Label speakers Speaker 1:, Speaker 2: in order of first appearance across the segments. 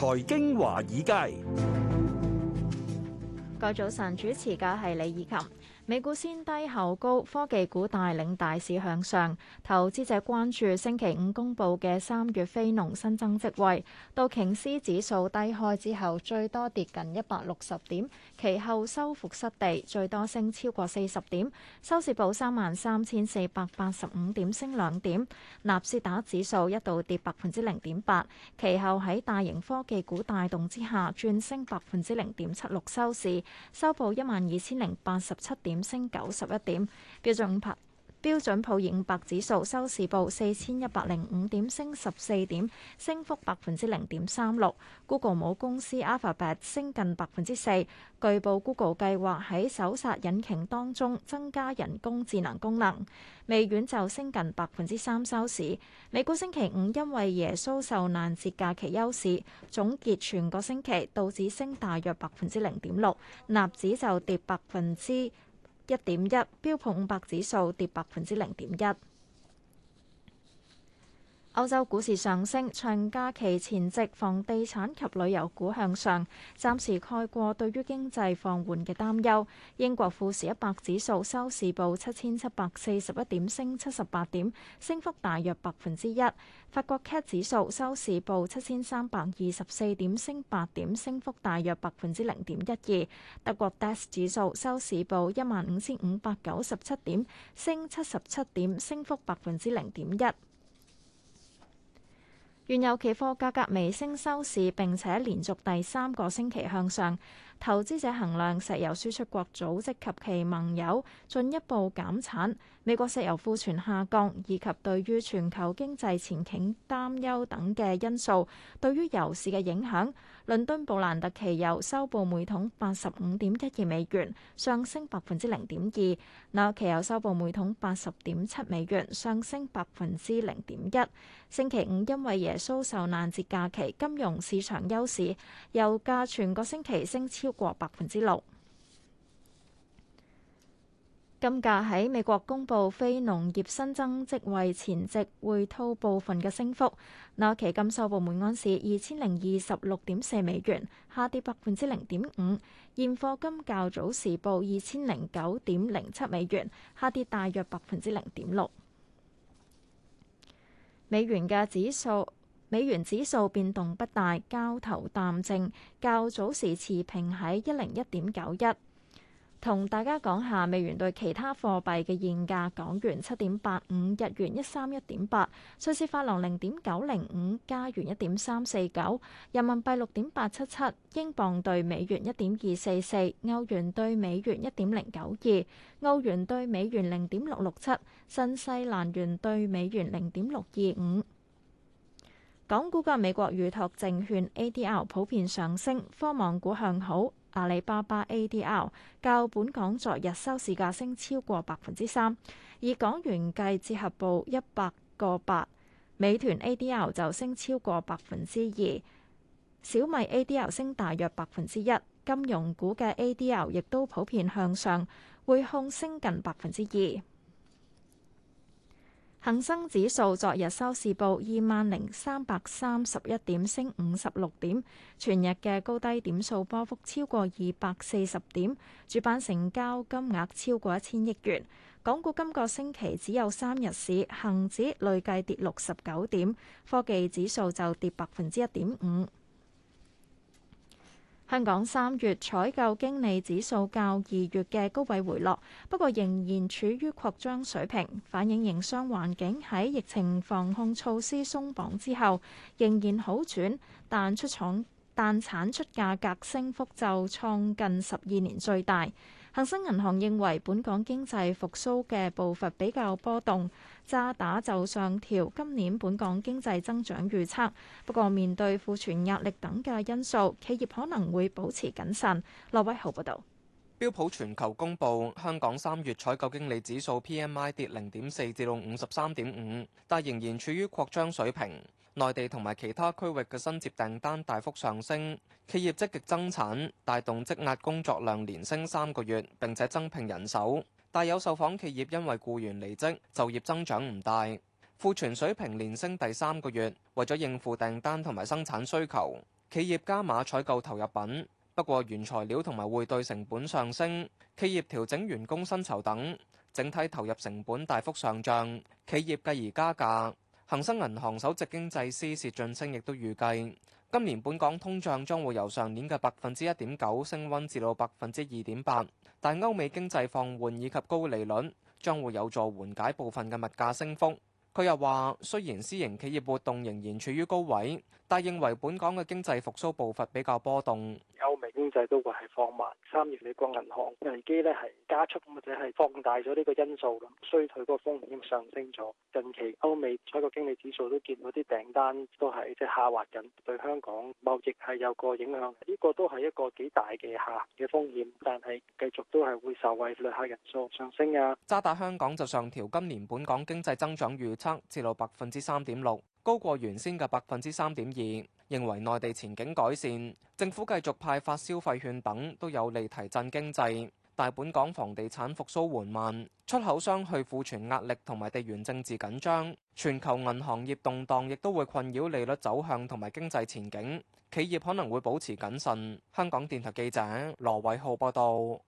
Speaker 1: 財經
Speaker 2: 華爾街。各位早晨，主持嘅係李以琴。美股先低後高，科技股帶領大市向上。投資者關注星期五公布嘅三月非農新增職位。道瓊斯指數低開之後，最多跌近一百六十點，其後收復失地，最多升超過四十點，收市報三萬三千四百八十五點，升兩點。納斯達指數一度跌百分之零點八，其後喺大型科技股帶動之下，轉升百分之零點七六，收市收報一萬二千零八十七點。升九十一點，標準普標準普爾五百指數收市報四千一百零五點，升十四點，升幅百分之零點三六。Google 母公司 Alphabet 升近百分之四，據報 Google 計劃喺搜索引擎當中增加人工智能功能。微軟就升近百分之三收市。美股星期五因為耶穌受難節假期休市，總結全個星期道指升大約百分之零點六，納指就跌百分之。一點一，1 1. 1, 標普五百指數跌百分之零點一。歐洲股市上升，長假期前夕，房地產及旅遊股向上，暫時蓋過對於經濟放緩嘅擔憂。英國富時一百指數收市報七千七百四十一點，升七十八點，升幅大約百分之一。法國 CAC 指數收市報七千三百二十四點，升八點，升幅大約百分之零點一二。德國 DAX 指數收市報一萬五千五百九十七點，升七十七點，升幅百分之零點一。原油期貨價格微升收市，並且連續第三個星期向上。投資者衡量石油輸出國組織及其盟友進一步減產、美國石油庫存下降，以及對於全球經濟前景擔憂等嘅因素，對於油市嘅影響。倫敦布蘭特期油收報每桶八十五點一二美元，上升百分之零點二；那期油收報每桶八十點七美元，上升百分之零點一。星期五因為耶穌受難節假期，金融市場休市，油價全個星期升超過百分之六。金價喺美國公佈非農業新增職位前值回吐部分嘅升幅。那期金收報每安士二千零二十六點四美元，下跌百分之零點五。現貨金較早時報二千零九點零七美元，下跌大約百分之零點六。美元嘅指數，美元指數變動不大，交投淡靜，較早時持平喺一零一點九一。同大家講下美元對其他貨幣嘅現價：港元七點八五，日元一三一點八，瑞士法郎零點九零五，加元一點三四九，人民幣六點八七七，英鎊對美元一點二四四，歐元對美元一點零九二，澳元對美元零點六六七，新西蘭元對美元零點六二五。港股嘅美國預託證券 ADR 普遍上升，科網股向好。阿里巴巴 ADR 較本港昨日收市價升超過百分之三，以港元計折合報一百個八。美團 ADR 就升超過百分之二，小米 ADR 升大約百分之一。金融股嘅 ADR 亦都普遍向上，匯控升近百分之二。恒生指數昨日收市報二萬零三百三十一點，升五十六點，全日嘅高低點數波幅超過二百四十點，主板成交金額超過一千億元。港股今個星期只有三日市，恆指累計跌六十九點，科技指數就跌百分之一點五。香港三月採購經理指數較二月嘅高位回落，不過仍然處於擴張水平，反映營商環境喺疫情防控措施鬆綁之後仍然好轉，但出廠但產出價格升幅就創近十二年最大。恒生銀行認為，本港經濟復甦嘅步伐比較波動，渣打就上調今年本港經濟增長預測。不過，面對庫存壓力等嘅因素，企業可能會保持謹慎。羅偉豪報導。
Speaker 3: 標普全球公布香港三月採購經理指數 PMI 跌零點四至到五十三點五，但仍然處於擴張水平。內地同埋其他區域嘅新接訂單大幅上升，企業積極增產，帶動積壓工作量連升三個月，並且增聘人手。但有受訪企業因為僱員離職，就業增長唔大。庫存水平連升第三個月，為咗應付訂單同埋生產需求，企業加碼採購投入品。不過原材料同埋匯兌成本上升，企業調整員工薪酬等，整體投入成本大幅上漲，企業繼而加價。恒生銀行首席經濟師薛俊升亦都預計，今年本港通脹將會由上年嘅百分之一點九升溫至到百分之二點八，但歐美經濟放緩以及高利率將會有助緩解部分嘅物價升幅。佢又話，雖然私營企業活動仍然處於高位，但認為本港嘅經濟復甦步伐比較波動。
Speaker 1: 經濟都會係放慢，三月美國銀行危機咧係加速或者係放大咗呢個因素咁，衰退嗰個風險上升咗。近期歐美採購經理指數都見到啲訂單都係即係下滑緊，對香港貿易係有個影響。呢個都係一個幾大嘅下行嘅風險，但係繼續都係會受惠旅客人
Speaker 3: 數上升啊。渣打香港就上調今年本港經濟增長預測至到百分之三點六。高過原先嘅百分之三點二，認為內地前景改善，政府繼續派發消費券等都有利提振經濟。大本港房地產復甦緩慢，出口商去庫存壓力同埋地緣政治緊張，全球銀行業動盪亦都會困擾利率走向同埋經濟前景，企業可能會保持謹慎。香港電台記者羅偉浩報道。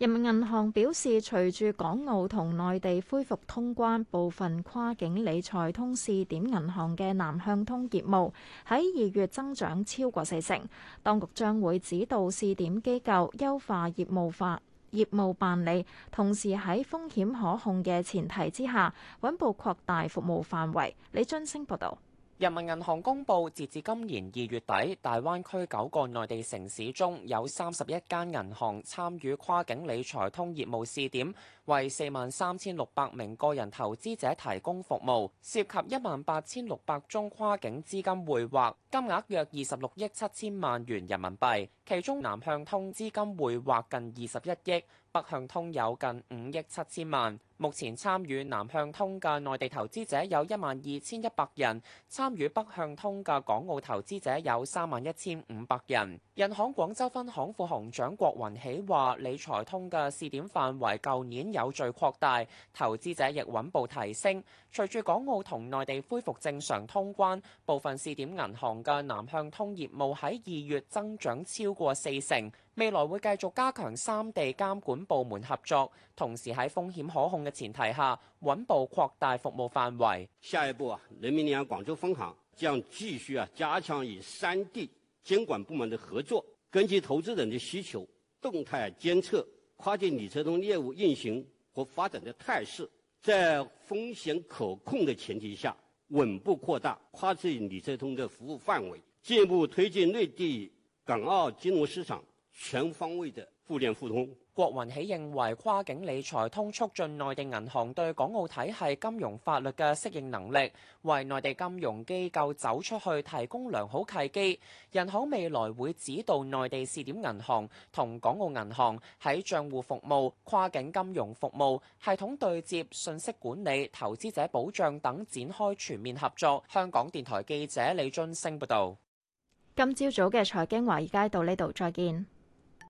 Speaker 2: 人民銀行表示，隨住港澳同內地恢復通關，部分跨境理財通試點銀行嘅南向通業務喺二月增長超過四成。當局將會指導試點機構優化業務化業務辦理，同時喺風險可控嘅前提之下，穩步擴大服務範圍。李津星報道。
Speaker 1: 人民銀行公佈，截至今年二月底，大灣區九個內地城市中有三十一間銀行參與跨境理財通業務試點，為四萬三千六百名個人投資者提供服務，涉及一萬八千六百宗跨境資金匯劃，金額約二十六億七千萬元人民幣。其中南向通資金匯劃近二十一億，北向通有近五億七千萬。目前參與南向通嘅內地投資者有一萬二千一百人，參與北向通嘅港澳投資者有三萬一千五百人。人行廣州分行副行長郭雲喜話，理財通嘅試點範圍舊年有序擴大，投資者亦穩步提升。隨住港澳同內地恢復正常通關，部分試點銀行嘅南向通業務喺二月增長超過過四成，未來會繼續加強三地監管部門合作，同時喺風險可控嘅前提下，穩步擴大服務範圍。下一步啊，人民銀行廣州分行將繼續啊加強與三地監管部門的合作，根據投資人的需求，動態監測跨境理財通業務運行和發展的態勢，在風險可控的前提下，穩步擴大跨境理財通的服務範圍，進一步推進內地。港澳金融市場全方位的互聯互通。郭云喜認為跨境理財通促進內地銀行對港澳體係金融法律嘅適應能力，為內地金融機構走出去提供良好契機，人行未來會指導內地試點銀行同港澳銀行喺賬戶服務跨境金融服務系統對接、信息管理、投資者保障等展開全面合作。香港電台記者李津升報道。
Speaker 2: 今朝早嘅財經華爾街到呢度，再見。